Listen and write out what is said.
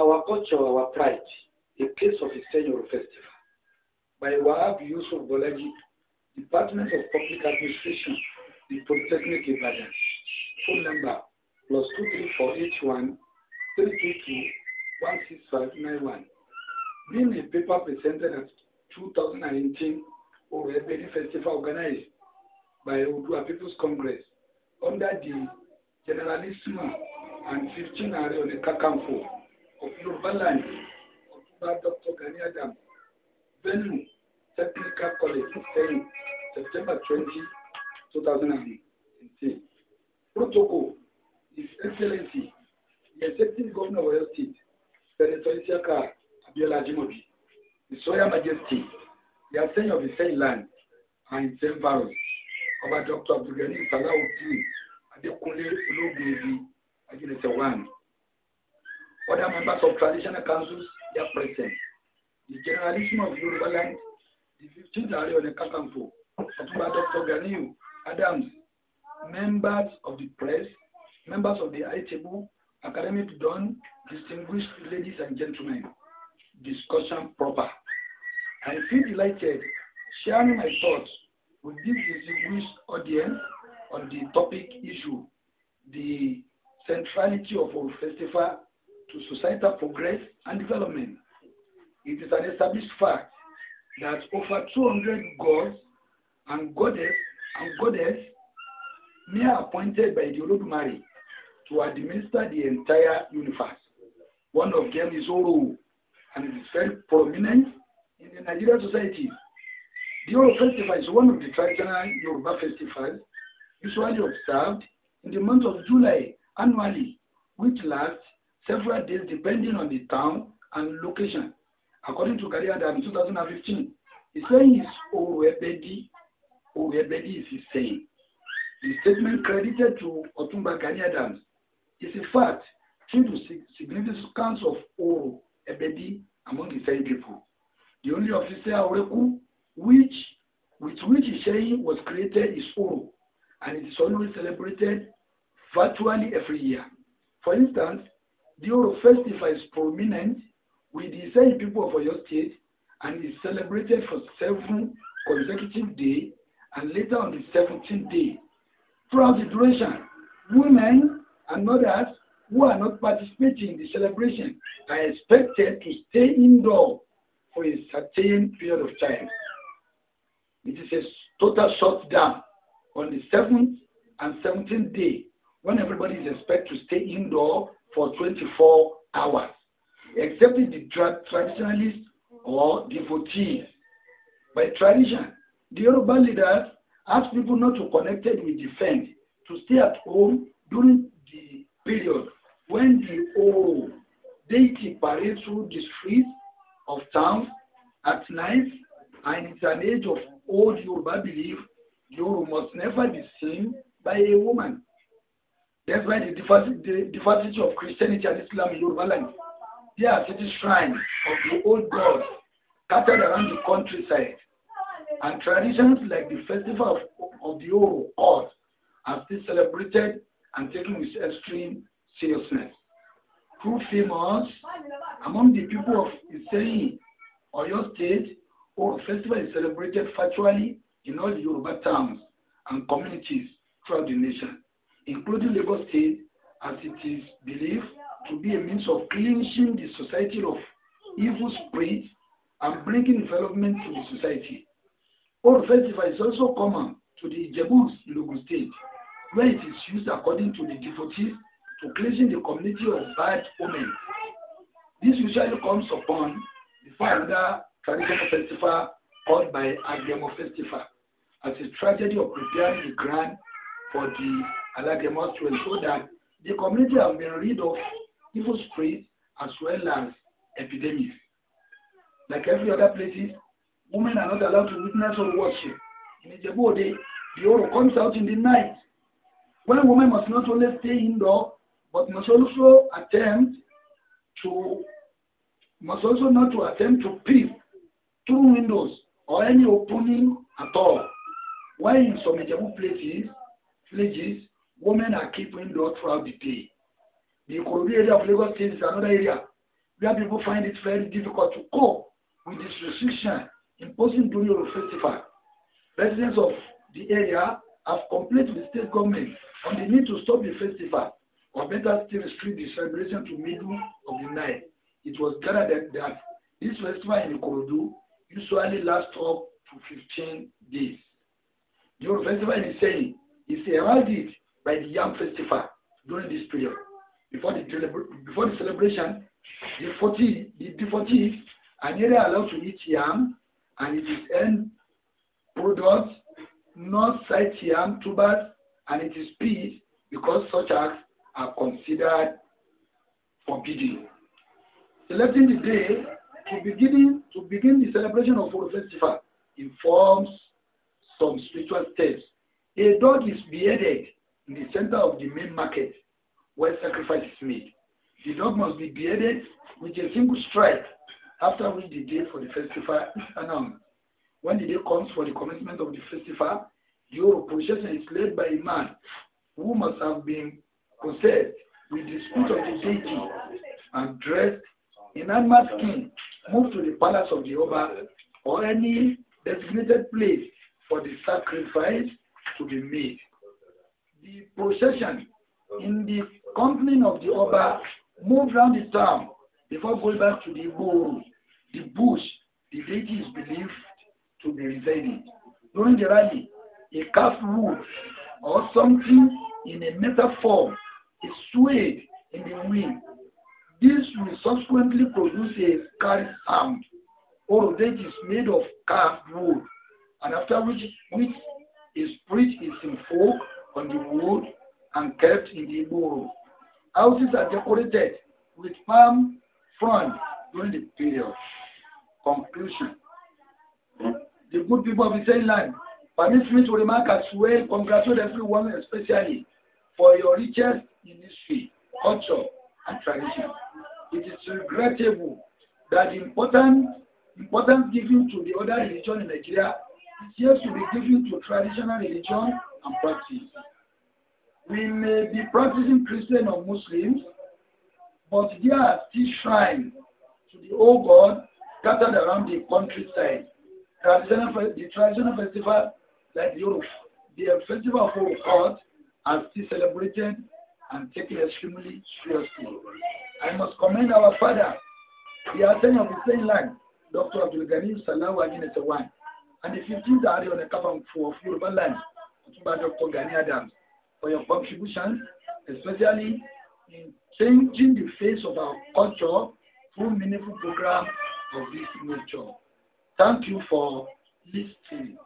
our culture, our pride, a case of Isenyor Festival by Wahab Yusuf Bolaji, Department of Public Administration, the Polytechnic Ibadan. Phone number plus 23481 322 16591. Being a paper presented at 2018 Orebeni Festival organized by Udua People's Congress under the Generalissima and 15 Are on the Kakamfo yorùbá láàyè ọ̀túnba dr gani adam venue technical college ìfẹ́yìn september twenty two protocol his excellency the Executive governor of oyo state senator isiaka abiola ajimobi his royal majesty the ascent of Ifẹ̀ land and its environs ọba dr abdulgani salawudeen adekunle ológun ibi ajínigbé one. Other members of traditional councils, they are present. The generalism of land, the 15th Ààrẹ Ọ̀nà Kakanfò, Ọ̀túnba Dr. Ganiyu Adams, members of the press, members of the Aitebu, academic don, distinguished ladies and gentlemen, discussion proper. I feel delighted sharing my thoughts with this distinguished audience on the topic issue, the centrality of our festival to societal progress and development. It is an established fact that over 200 gods and goddess and goddess may appointed by the Mary, to administer the entire universe. One of them is Oro, and it is very prominent in the Nigerian society. The Oro festival is one of the traditional Yoruba festivals usually observed in the month of July annually, which lasts several days depending on the town and location. According to Gary Adam in 2015, the saying his Owebedi, Owebedi is his saying. The statement credited to Otumba Gani Adams is a fact due to significance of Oro Ebedi among the same people. The only officer Oreku which with which Ishayi was created is Oro, and it is always celebrated virtually every year. For instance, Dioro festival is prominent with the Isai people of Oyo State and is celebrated for seven consecutive days and later on the 17th day. Throughout the duration, women and others who are not participating in the celebration are expected to stay indoor for a certain period of time. It is a total shutdown on the 7th and 17th day when everybody is expected to stay indoor for 24 hours, except the tra traditionalists or devotees. By tradition, the Yoruba leaders ask people not to connect with the fence, to stay at home during the period when the old deity parades through the streets of towns at night, and it's an age of old Yoruba belief, Yoruba must never be seen by a woman. That's why the diversity of Christianity and Islam in Yoruba land, there are city shrines of the old gods scattered around the countryside, and traditions like the festival of, of the Oro Oz are still celebrated and taken with extreme seriousness. Two famous among the people of Iseyin, Oyo State, Oro Festival is celebrated virtually in all the Yoruba towns and communities throughout the nation including Lagos State, as it is believed to be a means of cleansing the society of evil spirits and bringing development to the society. Old festival is also common to the Ijebus in Lagos State, where it is used according to the devotees to cleansing the community of bad omens. This usually comes upon the founder traditional festival called by Agemo Festival as a tragedy of preparing the ground for the like Alagamostrel so that the community has been rid of evil spirits as well as epidemics. Like every other places, women are not allowed to witness or worship. In ijebu day, the Oro comes out in the night. When women must not only stay indoor, but must also attempt to, must also not to attempt to peep through windows or any opening at all. While in some Ijebu places, villages, women are keeping law throughout the day. The Kogi area of Lagos State is another area where people find it very difficult to cope with this restriction imposing during the festival. Residents of the area have complained with state government on the need to stop the festival or better still restrict the celebration to middle of the night. It was gathered that, this festival in Ikorodu usually lasts up to 15 days. The festival in Iseyin is heralded by the Yam festival during this period. Before the, before the celebration, the 40, the, the 40, an area allowed to eat yam and it is end product, not sight yam, tubers, and it is peace because such acts are considered forbidden. Selecting the day to begin, to begin the celebration of Oro Festival informs some spiritual steps. A dog is beheaded in the center of the main market where sacrifice is made. The dog must be beheaded with a single strike, after which the day for the festival is announced. When the day comes for the commencement of the festival, your procession is led by a man who must have been possessed with the spirit of the deity and dressed in animal skin, moved to the palace of the Oba or any designated place for the sacrifice to be made the procession in the company of the Oba moved round the town before going back to the bull, the bush, the deity is believed to be residing. During the rally, a calf wood or something in a metal form is swayed in the wind. This will subsequently produce a scarlet arm or that is made of carved wood, and after which, which is spirit is invoked on the wood and kept in the Igbo. Houses are decorated with palm fronds during the period. Conclusion. The good people of the same land permit me to remark as well, congratulate everyone especially for your riches in history, culture, and tradition. It is regrettable that important importance given to the other religion in Nigeria seems to be given to traditional religion and practice. We may be practicing Christian or Muslims, but there are still shrines to the old God scattered around the countryside. The traditional festival, like Europe, the festival of old God are still celebrated and taken extremely seriously. I must commend our father, the attorney of the same land, Dr. Abdul Ghani Salawa Ajinetewan, and the 15th Ari on the cover of Yoruba land. Otunba Dr. Gani Adams for your contribution, especially in changing the face of our culture through meaningful programs of this nature. Thank you for listening.